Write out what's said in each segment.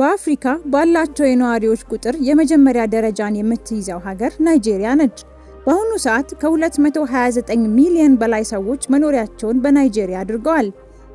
በአፍሪካ ባላቸው የነዋሪዎች ቁጥር የመጀመሪያ ደረጃን የምትይዘው ሀገር ናይጄሪያ ነች። በአሁኑ ሰዓት ከ229 ሚሊዮን በላይ ሰዎች መኖሪያቸውን በናይጄሪያ አድርገዋል።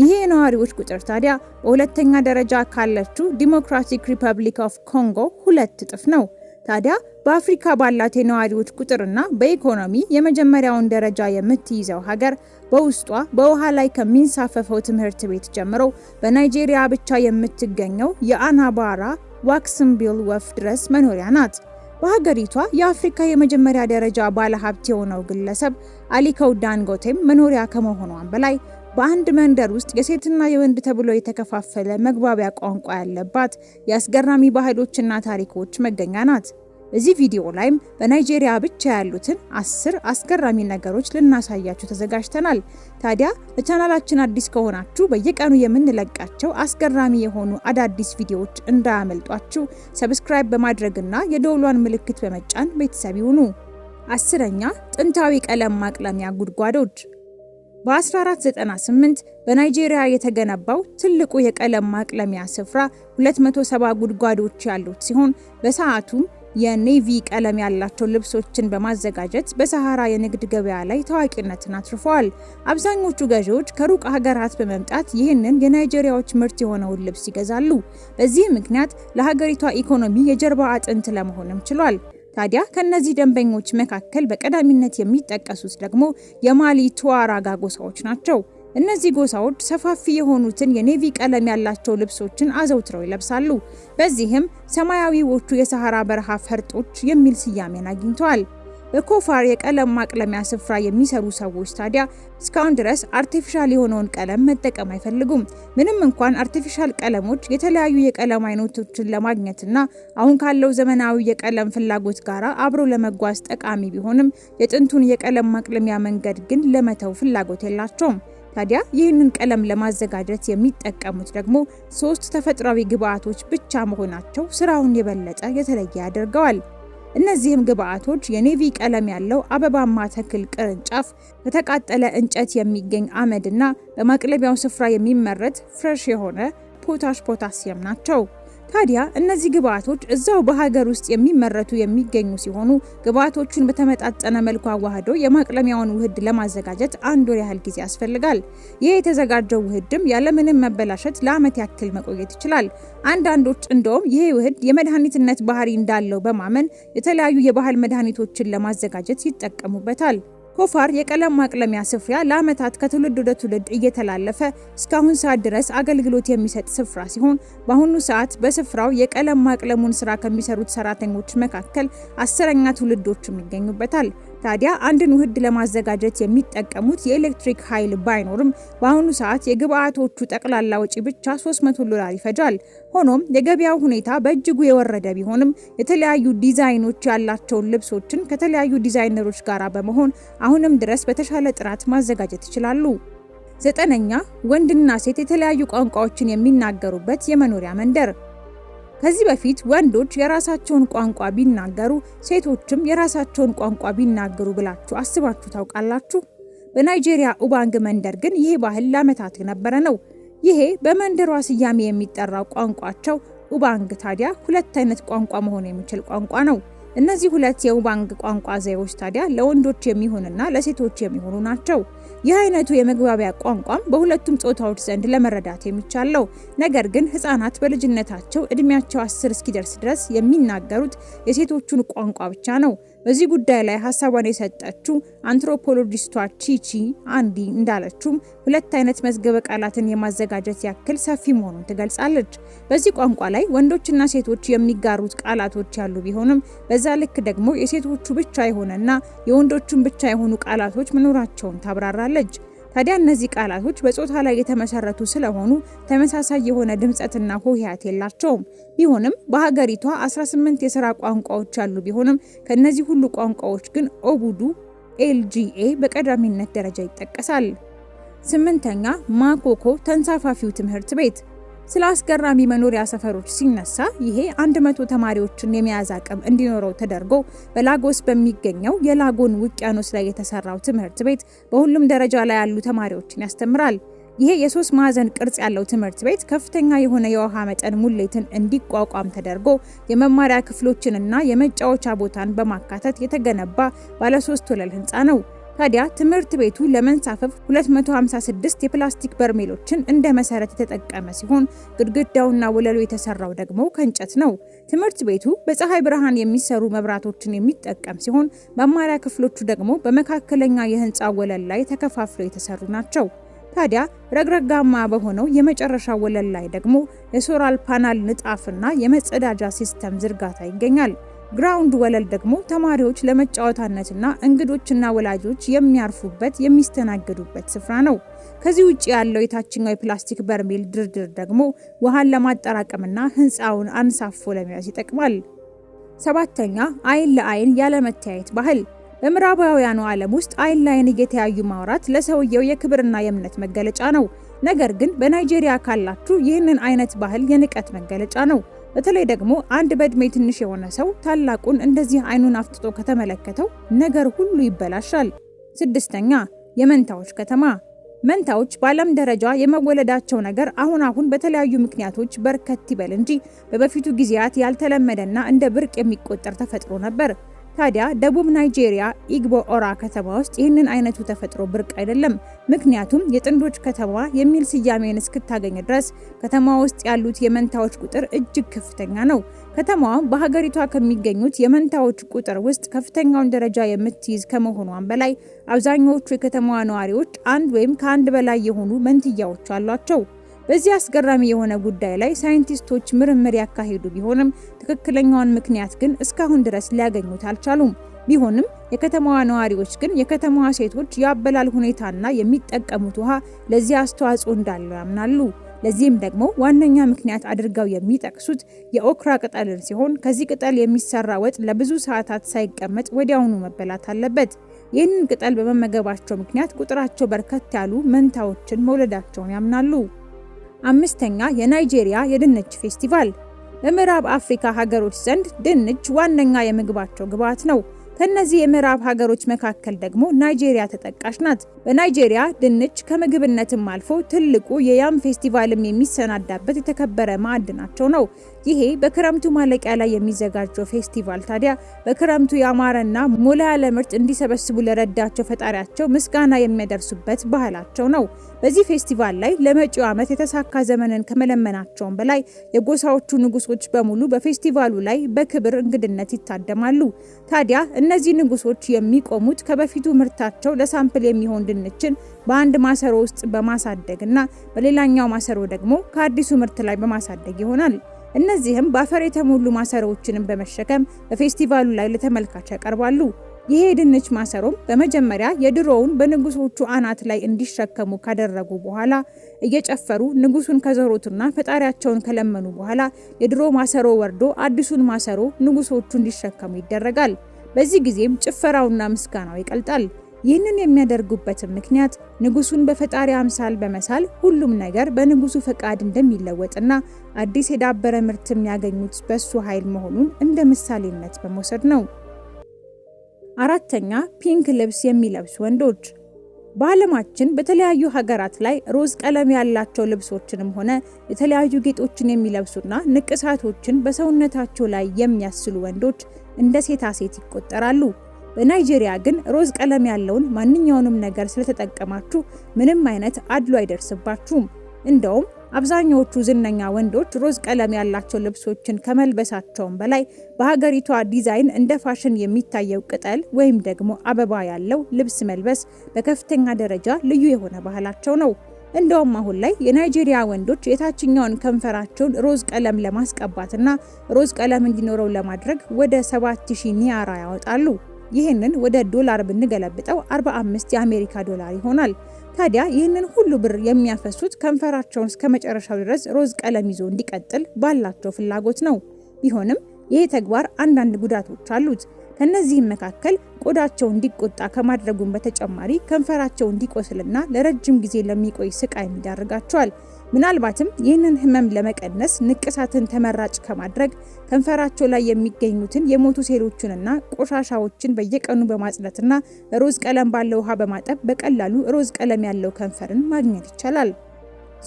ይሄ የነዋሪዎች ቁጥር ታዲያ በሁለተኛ ደረጃ ካለችው ዲሞክራቲክ ሪፐብሊክ ኦፍ ኮንጎ ሁለት እጥፍ ነው። ታዲያ በአፍሪካ ባላት የነዋሪዎች ቁጥርና በኢኮኖሚ የመጀመሪያውን ደረጃ የምትይዘው ሀገር በውስጧ በውሃ ላይ ከሚንሳፈፈው ትምህርት ቤት ጀምሮ በናይጄሪያ ብቻ የምትገኘው የአናባራ ዋክስምቢል ወፍ ድረስ መኖሪያ ናት። በሀገሪቷ የአፍሪካ የመጀመሪያ ደረጃ ባለሀብት የሆነው ግለሰብ አሊኮ ዳንጎቴም መኖሪያ ከመሆኗን በላይ በአንድ መንደር ውስጥ የሴትና የወንድ ተብሎ የተከፋፈለ መግባቢያ ቋንቋ ያለባት የአስገራሚ ባህሎችና ታሪኮች መገኛ ናት። በዚህ ቪዲዮ ላይም በናይጄሪያ ብቻ ያሉትን አስር አስገራሚ ነገሮች ልናሳያችሁ ተዘጋጅተናል። ታዲያ ለቻናላችን አዲስ ከሆናችሁ በየቀኑ የምንለቃቸው አስገራሚ የሆኑ አዳዲስ ቪዲዮዎች እንዳያመልጧችሁ ሰብስክራይብ በማድረግና የደውሏን ምልክት በመጫን ቤተሰብ ይሁኑ። አስረኛ ጥንታዊ ቀለም ማቅለሚያ ጉድጓዶች በ1498 በናይጄሪያ የተገነባው ትልቁ የቀለም ማቅለሚያ ስፍራ 270 ጉድጓዶች ያሉት ሲሆን በሰዓቱም የኔቪ ቀለም ያላቸው ልብሶችን በማዘጋጀት በሰሃራ የንግድ ገበያ ላይ ታዋቂነትን አትርፈዋል። አብዛኞቹ ገዢዎች ከሩቅ ሀገራት በመምጣት ይህንን የናይጄሪያዎች ምርት የሆነውን ልብስ ይገዛሉ። በዚህ ምክንያት ለሀገሪቷ ኢኮኖሚ የጀርባ አጥንት ለመሆንም ችሏል። ታዲያ ከነዚህ ደንበኞች መካከል በቀዳሚነት የሚጠቀሱት ደግሞ የማሊ ቱዋራጋ ጎሳዎች ናቸው። እነዚህ ጎሳዎች ሰፋፊ የሆኑትን የኔቪ ቀለም ያላቸው ልብሶችን አዘውትረው ይለብሳሉ። በዚህም ሰማያዊዎቹ የሰሐራ በረሃ ፈርጦች የሚል ስያሜን አግኝተዋል። በኮፋር የቀለም ማቅለሚያ ስፍራ የሚሰሩ ሰዎች ታዲያ እስካሁን ድረስ አርቲፊሻል የሆነውን ቀለም መጠቀም አይፈልጉም። ምንም እንኳን አርቲፊሻል ቀለሞች የተለያዩ የቀለም አይነቶችን ለማግኘትና አሁን ካለው ዘመናዊ የቀለም ፍላጎት ጋር አብሮ ለመጓዝ ጠቃሚ ቢሆንም የጥንቱን የቀለም ማቅለሚያ መንገድ ግን ለመተው ፍላጎት የላቸውም። ታዲያ ይህንን ቀለም ለማዘጋጀት የሚጠቀሙት ደግሞ ሶስት ተፈጥሯዊ ግብአቶች ብቻ መሆናቸው ስራውን የበለጠ የተለየ ያደርገዋል። እነዚህም ግብአቶች የኔቪ ቀለም ያለው አበባማ ተክል ቅርንጫፍ፣ በተቃጠለ እንጨት የሚገኝ አመድና በማቅለቢያው ስፍራ የሚመረት ፍሬሽ የሆነ ፖታሽ ፖታሲየም ናቸው። ታዲያ እነዚህ ግብአቶች እዛው በሀገር ውስጥ የሚመረቱ የሚገኙ ሲሆኑ ግብአቶቹን በተመጣጠነ መልኩ አዋህዶ የማቅለሚያውን ውህድ ለማዘጋጀት አንድ ወር ያህል ጊዜ ያስፈልጋል። ይህ የተዘጋጀው ውህድም ያለምንም መበላሸት ለዓመት ያክል መቆየት ይችላል። አንዳንዶች እንደውም ይህ ውህድ የመድኃኒትነት ባህሪ እንዳለው በማመን የተለያዩ የባህል መድኃኒቶችን ለማዘጋጀት ይጠቀሙበታል። ኮፋር የቀለም ማቅለሚያ ስፍራ ለዓመታት ከትውልድ ወደ ትውልድ እየተላለፈ እስካሁን ሰዓት ድረስ አገልግሎት የሚሰጥ ስፍራ ሲሆን በአሁኑ ሰዓት በስፍራው የቀለም ማቅለሙን ስራ ከሚሰሩት ሰራተኞች መካከል አስረኛ ትውልዶችም ይገኙበታል። ታዲያ አንድን ውህድ ለማዘጋጀት የሚጠቀሙት የኤሌክትሪክ ኃይል ባይኖርም በአሁኑ ሰዓት የግብአቶቹ ጠቅላላ ወጪ ብቻ 300 ዶላር ይፈጃል። ሆኖም የገበያው ሁኔታ በእጅጉ የወረደ ቢሆንም የተለያዩ ዲዛይኖች ያላቸውን ልብሶችን ከተለያዩ ዲዛይነሮች ጋር በመሆን አሁንም ድረስ በተሻለ ጥራት ማዘጋጀት ይችላሉ። ዘጠነኛ ወንድና ሴት የተለያዩ ቋንቋዎችን የሚናገሩበት የመኖሪያ መንደር ከዚህ በፊት ወንዶች የራሳቸውን ቋንቋ ቢናገሩ ሴቶችም የራሳቸውን ቋንቋ ቢናገሩ ብላችሁ አስባችሁ ታውቃላችሁ? በናይጄሪያ ኡባንግ መንደር ግን ይሄ ባህል ለዓመታት የነበረ ነው። ይሄ በመንደሯ ስያሜ የሚጠራው ቋንቋቸው ኡባንግ ታዲያ ሁለት አይነት ቋንቋ መሆን የሚችል ቋንቋ ነው። እነዚህ ሁለት የኡባንግ ቋንቋ ዘዬዎች ታዲያ ለወንዶች የሚሆንና ለሴቶች የሚሆኑ ናቸው። ይህ አይነቱ የመግባቢያ ቋንቋም በሁለቱም ጾታዎች ዘንድ ለመረዳት የሚቻለው ነገር ግን ህጻናት በልጅነታቸው እድሜያቸው አስር እስኪደርስ ድረስ የሚናገሩት የሴቶቹን ቋንቋ ብቻ ነው። በዚህ ጉዳይ ላይ ሀሳቧን የሰጠችው አንትሮፖሎጂስቷ ቺቺ አንዲ እንዳለችውም ሁለት አይነት መዝገበ ቃላትን የማዘጋጀት ያክል ሰፊ መሆኑን ትገልጻለች። በዚህ ቋንቋ ላይ ወንዶችና ሴቶች የሚጋሩት ቃላቶች ያሉ ቢሆንም በዛ ልክ ደግሞ የሴቶቹ ብቻ የሆነና የወንዶቹን ብቻ የሆኑ ቃላቶች መኖራቸውን ታብራራለች። ታዲያ እነዚህ ቃላቶች በጾታ ላይ የተመሰረቱ ስለሆኑ ተመሳሳይ የሆነ ድምጸትና ሆሄያት የላቸውም። ቢሆንም በሀገሪቷ 18 የስራ ቋንቋዎች ያሉ ቢሆንም ከእነዚህ ሁሉ ቋንቋዎች ግን ኦቡዱ ኤልጂኤ በቀዳሚነት ደረጃ ይጠቀሳል። ስምንተኛ ማኮኮ ተንሳፋፊው ትምህርት ቤት ስለ አስገራሚ መኖሪያ ሰፈሮች ሲነሳ ይሄ 100 ተማሪዎችን የመያዝ አቅም እንዲኖረው ተደርጎ በላጎስ በሚገኘው የላጎን ውቅያኖስ ላይ የተሰራው ትምህርት ቤት በሁሉም ደረጃ ላይ ያሉ ተማሪዎችን ያስተምራል። ይሄ የሶስት ማዕዘን ቅርጽ ያለው ትምህርት ቤት ከፍተኛ የሆነ የውሃ መጠን ሙሌትን እንዲቋቋም ተደርጎ የመማሪያ ክፍሎችንና የመጫወቻ ቦታን በማካተት የተገነባ ባለሶስት ወለል ህንፃ ነው። ታዲያ ትምህርት ቤቱ ለመንሳፈፍ 256 የፕላስቲክ በርሜሎችን እንደ መሰረት የተጠቀመ ሲሆን ግድግዳውና ወለሉ የተሰራው ደግሞ ከእንጨት ነው። ትምህርት ቤቱ በፀሐይ ብርሃን የሚሰሩ መብራቶችን የሚጠቀም ሲሆን መማሪያ ክፍሎቹ ደግሞ በመካከለኛ የህንፃ ወለል ላይ ተከፋፍለው የተሰሩ ናቸው። ታዲያ ረግረጋማ በሆነው የመጨረሻ ወለል ላይ ደግሞ የሶራል ፓናል ንጣፍና የመጸዳጃ ሲስተም ዝርጋታ ይገኛል። ግራውንድ ወለል ደግሞ ተማሪዎች ለመጫወታነትና እንግዶችና ወላጆች የሚያርፉበት የሚስተናገዱበት ስፍራ ነው። ከዚህ ውጭ ያለው የታችኛው የፕላስቲክ በርሜል ድርድር ደግሞ ውሃን ለማጠራቀምና ሕንፃውን አንሳፎ ለመያዝ ይጠቅማል። ሰባተኛ አይን ለአይን ያለመተያየት ባህል። በምዕራባውያኑ ዓለም ውስጥ አይን ለአይን እየተያዩ ማውራት ለሰውየው የክብርና የእምነት መገለጫ ነው። ነገር ግን በናይጄሪያ ካላችሁ ይህንን አይነት ባህል የንቀት መገለጫ ነው። በተለይ ደግሞ አንድ በእድሜ ትንሽ የሆነ ሰው ታላቁን እንደዚህ አይኑን አፍጥጦ ከተመለከተው ነገር ሁሉ ይበላሻል። ስድስተኛ የመንታዎች ከተማ። መንታዎች በዓለም ደረጃ የመወለዳቸው ነገር አሁን አሁን በተለያዩ ምክንያቶች በርከት ይበል እንጂ በበፊቱ ጊዜያት ያልተለመደና እንደ ብርቅ የሚቆጠር ተፈጥሮ ነበር። ታዲያ ደቡብ ናይጄሪያ ኢግቦ ኦራ ከተማ ውስጥ ይህንን አይነቱ ተፈጥሮ ብርቅ አይደለም። ምክንያቱም የጥንዶች ከተማ የሚል ስያሜን እስክታገኝ ድረስ ከተማ ውስጥ ያሉት የመንታዎች ቁጥር እጅግ ከፍተኛ ነው። ከተማዋ በሀገሪቷ ከሚገኙት የመንታዎች ቁጥር ውስጥ ከፍተኛውን ደረጃ የምትይዝ ከመሆኗን በላይ አብዛኛዎቹ የከተማዋ ነዋሪዎች አንድ ወይም ከአንድ በላይ የሆኑ መንትያዎች አሏቸው። በዚህ አስገራሚ የሆነ ጉዳይ ላይ ሳይንቲስቶች ምርምር ያካሄዱ ቢሆንም ትክክለኛውን ምክንያት ግን እስካሁን ድረስ ሊያገኙት አልቻሉም። ቢሆንም የከተማዋ ነዋሪዎች ግን የከተማዋ ሴቶች የአበላል ሁኔታና የሚጠቀሙት ውሃ ለዚህ አስተዋጽኦ እንዳለው ያምናሉ። ለዚህም ደግሞ ዋነኛ ምክንያት አድርገው የሚጠቅሱት የኦክራ ቅጠልን ሲሆን ከዚህ ቅጠል የሚሰራ ወጥ ለብዙ ሰዓታት ሳይቀመጥ ወዲያውኑ መበላት አለበት። ይህንን ቅጠል በመመገባቸው ምክንያት ቁጥራቸው በርከት ያሉ መንታዎችን መውለዳቸውን ያምናሉ። አምስተኛ የናይጄሪያ የድንች ፌስቲቫል በምዕራብ አፍሪካ ሀገሮች ዘንድ ድንች ዋነኛ የምግባቸው ግብዓት ነው። ከእነዚህ የምዕራብ ሀገሮች መካከል ደግሞ ናይጄሪያ ተጠቃሽ ናት። በናይጄሪያ ድንች ከምግብነትም አልፎ ትልቁ የያም ፌስቲቫልም የሚሰናዳበት የተከበረ ማዕድናቸው ነው። ይሄ በክረምቱ ማለቂያ ላይ የሚዘጋጀው ፌስቲቫል ታዲያ በክረምቱ ያማረና ሞላ ያለ ምርት እንዲሰበስቡ ለረዳቸው ፈጣሪያቸው ምስጋና የሚያደርሱበት ባህላቸው ነው። በዚህ ፌስቲቫል ላይ ለመጪው ዓመት የተሳካ ዘመንን ከመለመናቸውም በላይ የጎሳዎቹ ንጉሶች በሙሉ በፌስቲቫሉ ላይ በክብር እንግድነት ይታደማሉ። ታዲያ እነዚህ ንጉሶች የሚቆሙት ከበፊቱ ምርታቸው ለሳምፕል የሚሆን ድንችን በአንድ ማሰሮ ውስጥ በማሳደግ እና በሌላኛው ማሰሮ ደግሞ ከአዲሱ ምርት ላይ በማሳደግ ይሆናል። እነዚህም በአፈር የተሞሉ ማሰሮዎችንም በመሸከም በፌስቲቫሉ ላይ ለተመልካች ያቀርባሉ። ይሄ ድንች ማሰሮም በመጀመሪያ የድሮውን በንጉሶቹ አናት ላይ እንዲሸከሙ ካደረጉ በኋላ እየጨፈሩ ንጉሱን ከዘሮቱና ፈጣሪያቸውን ከለመኑ በኋላ የድሮ ማሰሮ ወርዶ አዲሱን ማሰሮ ንጉሶቹ እንዲሸከሙ ይደረጋል። በዚህ ጊዜም ጭፈራውና ምስጋናው ይቀልጣል። ይህንን የሚያደርጉበትም ምክንያት ንጉሱን በፈጣሪ አምሳል በመሳል ሁሉም ነገር በንጉሱ ፈቃድ እንደሚለወጥና አዲስ የዳበረ ምርት የሚያገኙት በሱ ኃይል መሆኑን እንደ ምሳሌነት በመውሰድ ነው። አራተኛ ፒንክ ልብስ የሚለብሱ ወንዶች። በዓለማችን በተለያዩ ሀገራት ላይ ሮዝ ቀለም ያላቸው ልብሶችንም ሆነ የተለያዩ ጌጦችን የሚለብሱና ንቅሳቶችን በሰውነታቸው ላይ የሚያስሉ ወንዶች እንደ ሴታ ሴት ይቆጠራሉ። በናይጄሪያ ግን ሮዝ ቀለም ያለውን ማንኛውንም ነገር ስለተጠቀማችሁ ምንም አይነት አድሎ አይደርስባችሁም። እንደውም አብዛኛዎቹ ዝነኛ ወንዶች ሮዝ ቀለም ያላቸው ልብሶችን ከመልበሳቸውም በላይ በሀገሪቷ ዲዛይን እንደ ፋሽን የሚታየው ቅጠል ወይም ደግሞ አበባ ያለው ልብስ መልበስ በከፍተኛ ደረጃ ልዩ የሆነ ባህላቸው ነው። እንደውም አሁን ላይ የናይጄሪያ ወንዶች የታችኛውን ከንፈራቸውን ሮዝ ቀለም ለማስቀባትና ሮዝ ቀለም እንዲኖረው ለማድረግ ወደ 7000 ኒያራ ያወጣሉ። ይህንን ወደ ዶላር ብንገለብጠው 45 የአሜሪካ ዶላር ይሆናል። ታዲያ ይህንን ሁሉ ብር የሚያፈሱት ከንፈራቸውን እስከ መጨረሻው ድረስ ሮዝ ቀለም ይዞ እንዲቀጥል ባላቸው ፍላጎት ነው። ቢሆንም ይህ ተግባር አንዳንድ ጉዳቶች አሉት። ከነዚህም መካከል ቆዳቸው እንዲቆጣ ከማድረጉም በተጨማሪ ከንፈራቸው እንዲቆስልና ለረጅም ጊዜ ለሚቆይ ስቃይ ይዳርጋቸዋል። ምናልባትም ይህንን ህመም ለመቀነስ ንቅሳትን ተመራጭ ከማድረግ ከንፈራቸው ላይ የሚገኙትን የሞቱ ሴሎችንና ቆሻሻዎችን በየቀኑ በማጽዳትና ሮዝ ቀለም ባለው ውሃ በማጠብ በቀላሉ ሮዝ ቀለም ያለው ከንፈርን ማግኘት ይቻላል።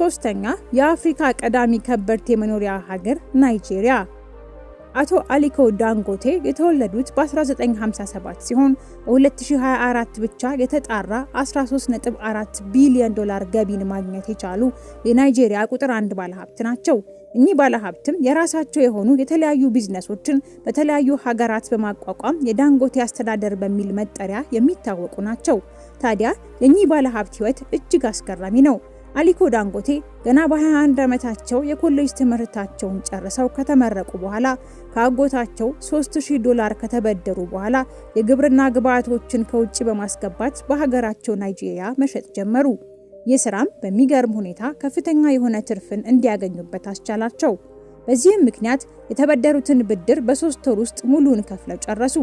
ሶስተኛ የአፍሪካ ቀዳሚ ከበርቴ የመኖሪያ ሀገር ናይጄሪያ አቶ አሊኮ ዳንጎቴ የተወለዱት በ1957 ሲሆን በ2024 ብቻ የተጣራ 13.4 ቢሊዮን ዶላር ገቢን ማግኘት የቻሉ የናይጄሪያ ቁጥር አንድ ባለሀብት ናቸው። እኚህ ባለሀብትም የራሳቸው የሆኑ የተለያዩ ቢዝነሶችን በተለያዩ ሀገራት በማቋቋም የዳንጎቴ አስተዳደር በሚል መጠሪያ የሚታወቁ ናቸው። ታዲያ የእኚህ ባለሀብት ህይወት እጅግ አስገራሚ ነው። አሊኮ ዳንጎቴ ገና በ21 ዓመታቸው የኮሌጅ ትምህርታቸውን ጨርሰው ከተመረቁ በኋላ ከአጎታቸው 3000 ዶላር ከተበደሩ በኋላ የግብርና ግብዓቶችን ከውጭ በማስገባት በሀገራቸው ናይጄሪያ መሸጥ ጀመሩ። ይህ ስራም በሚገርም ሁኔታ ከፍተኛ የሆነ ትርፍን እንዲያገኙበት አስቻላቸው። በዚህም ምክንያት የተበደሩትን ብድር በሶስት ወር ውስጥ ሙሉን ከፍለው ጨረሱ።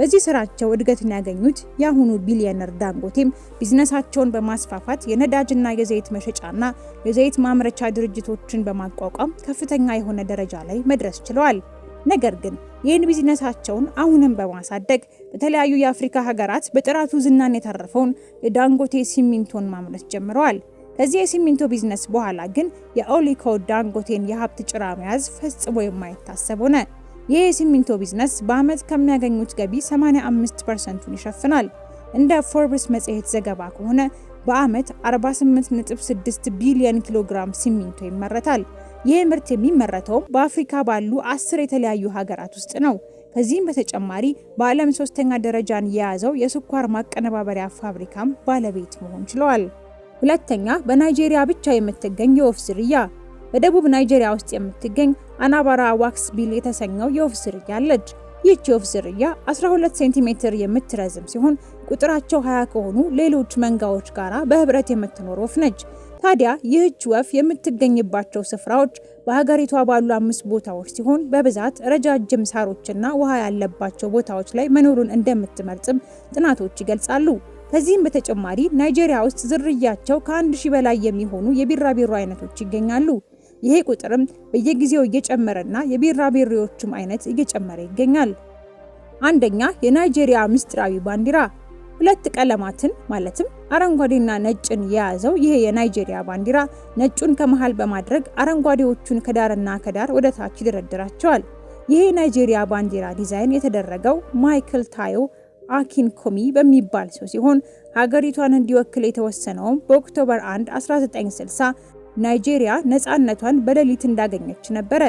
በዚህ ስራቸው እድገትን ያገኙት የአሁኑ ቢሊየነር ዳንጎቴም ቢዝነሳቸውን በማስፋፋት የነዳጅና የዘይት መሸጫና የዘይት ማምረቻ ድርጅቶችን በማቋቋም ከፍተኛ የሆነ ደረጃ ላይ መድረስ ችለዋል። ነገር ግን ይህን ቢዝነሳቸውን አሁንም በማሳደግ በተለያዩ የአፍሪካ ሀገራት በጥራቱ ዝናን የተረፈውን የዳንጎቴ ሲሚንቶን ማምረት ጀምረዋል። ከዚህ የሲሚንቶ ቢዝነስ በኋላ ግን የኦሊኮ ዳንጎቴን የሀብት ጭራ መያዝ ፈጽሞ የማይታሰብ ሆነ። ይህ የሲሚንቶ ቢዝነስ በዓመት ከሚያገኙት ገቢ 85 ፐርሰንቱን ይሸፍናል። እንደ ፎርብስ መጽሔት ዘገባ ከሆነ በዓመት 48.6 ቢሊዮን ኪሎግራም ሲሚንቶ ይመረታል። ይህ ምርት የሚመረተውም በአፍሪካ ባሉ አስር የተለያዩ ሀገራት ውስጥ ነው። ከዚህም በተጨማሪ በዓለም ሶስተኛ ደረጃን የያዘው የስኳር ማቀነባበሪያ ፋብሪካም ባለቤት መሆን ችለዋል። ሁለተኛ በናይጄሪያ ብቻ የምትገኝ የወፍ ዝርያ በደቡብ ናይጄሪያ ውስጥ የምትገኝ አናባራ ዋክስ ቢል የተሰኘው የወፍ ዝርያ አለች። ይህች የወፍ ዝርያ 12 ሴንቲሜትር የምትረዝም ሲሆን ቁጥራቸው 20 ከሆኑ ሌሎች መንጋዎች ጋር በህብረት የምትኖር ወፍ ነች። ታዲያ ይህች ወፍ የምትገኝባቸው ስፍራዎች በሀገሪቷ ባሉ አምስት ቦታዎች ሲሆን በብዛት ረጃጅም ሳሮችና ውሃ ያለባቸው ቦታዎች ላይ መኖሩን እንደምትመርጥም ጥናቶች ይገልጻሉ። ከዚህም በተጨማሪ ናይጄሪያ ውስጥ ዝርያቸው ከአንድ ሺህ በላይ የሚሆኑ የቢራቢሮ አይነቶች ይገኛሉ። ይሄ ቁጥርም በየጊዜው እየጨመረና የቢራቢሬዎቹም አይነት እየጨመረ ይገኛል። አንደኛ የናይጄሪያ ምስጢራዊ ባንዲራ ሁለት ቀለማትን ማለትም አረንጓዴና ነጭን የያዘው ይሄ የናይጄሪያ ባንዲራ ነጩን ከመሃል በማድረግ አረንጓዴዎቹን ከዳርና ከዳር ወደ ታች ይደረድራቸዋል። ይሄ የናይጄሪያ ባንዲራ ዲዛይን የተደረገው ማይክል ታዮ ኮሚ በሚባል ሰው ሲሆን ሀገሪቷን እንዲወክል የተወሰነውም በኦክቶበር 1 1960 ናይጄሪያ ነፃነቷን በሌሊት እንዳገኘች ነበረ።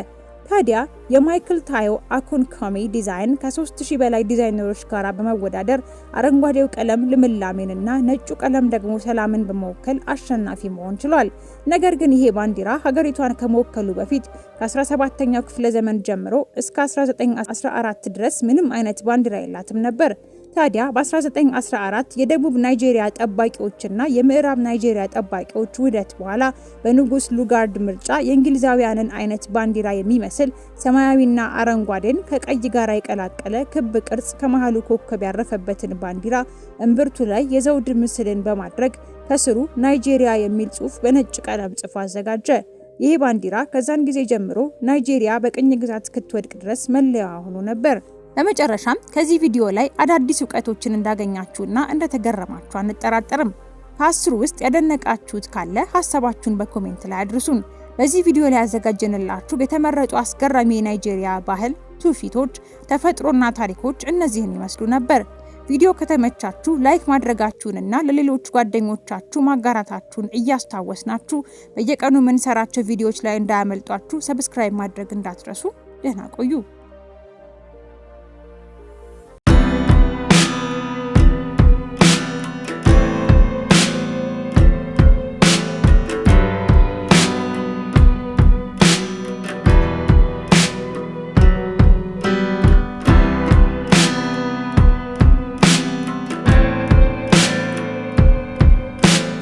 ታዲያ የማይክል ታዮ አኮንካሚ ዲዛይን ከ3000 በላይ ዲዛይነሮች ጋር በመወዳደር አረንጓዴው ቀለም ልምላሜንና ነጩ ቀለም ደግሞ ሰላምን በመወከል አሸናፊ መሆን ችሏል። ነገር ግን ይሄ ባንዲራ ሀገሪቷን ከመወከሉ በፊት ከ17ኛው ክፍለ ዘመን ጀምሮ እስከ 1914 ድረስ ምንም አይነት ባንዲራ የላትም ነበር። ታዲያ በ1914 የደቡብ ናይጄሪያ ጠባቂዎችና የምዕራብ ናይጄሪያ ጠባቂዎች ውህደት በኋላ በንጉስ ሉጋርድ ምርጫ የእንግሊዛውያንን አይነት ባንዲራ የሚመስል ሰማያዊና አረንጓዴን ከቀይ ጋር የቀላቀለ ክብ ቅርጽ ከመሃሉ ኮከብ ያረፈበትን ባንዲራ እምብርቱ ላይ የዘውድ ምስልን በማድረግ ከስሩ ናይጄሪያ የሚል ጽሑፍ በነጭ ቀለም ጽፎ አዘጋጀ። ይህ ባንዲራ ከዛን ጊዜ ጀምሮ ናይጄሪያ በቅኝ ግዛት እስክትወድቅ ድረስ መለያዋ ሆኖ ነበር። በመጨረሻም ከዚህ ቪዲዮ ላይ አዳዲስ እውቀቶችን እንዳገኛችሁና እንደተገረማችሁ አንጠራጠርም። ከአስሩ ውስጥ ያደነቃችሁት ካለ ሀሳባችሁን በኮሜንት ላይ አድርሱን። በዚህ ቪዲዮ ላይ ያዘጋጀንላችሁ የተመረጡ አስገራሚ የናይጄሪያ ባህል ትውፊቶች፣ ተፈጥሮና ታሪኮች እነዚህን ይመስሉ ነበር። ቪዲዮ ከተመቻችሁ ላይክ ማድረጋችሁንና ለሌሎች ጓደኞቻችሁ ማጋራታችሁን እያስታወስናችሁ በየቀኑ የምንሰራቸው ቪዲዮዎች ላይ እንዳያመልጧችሁ ሰብስክራይብ ማድረግ እንዳትረሱ። ደህና ቆዩ።